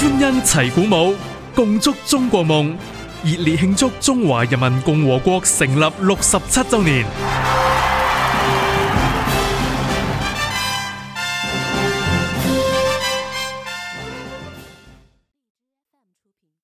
歡欣齊鼓舞，共築中國夢，熱烈慶祝中華人民共和國成立六十七周年。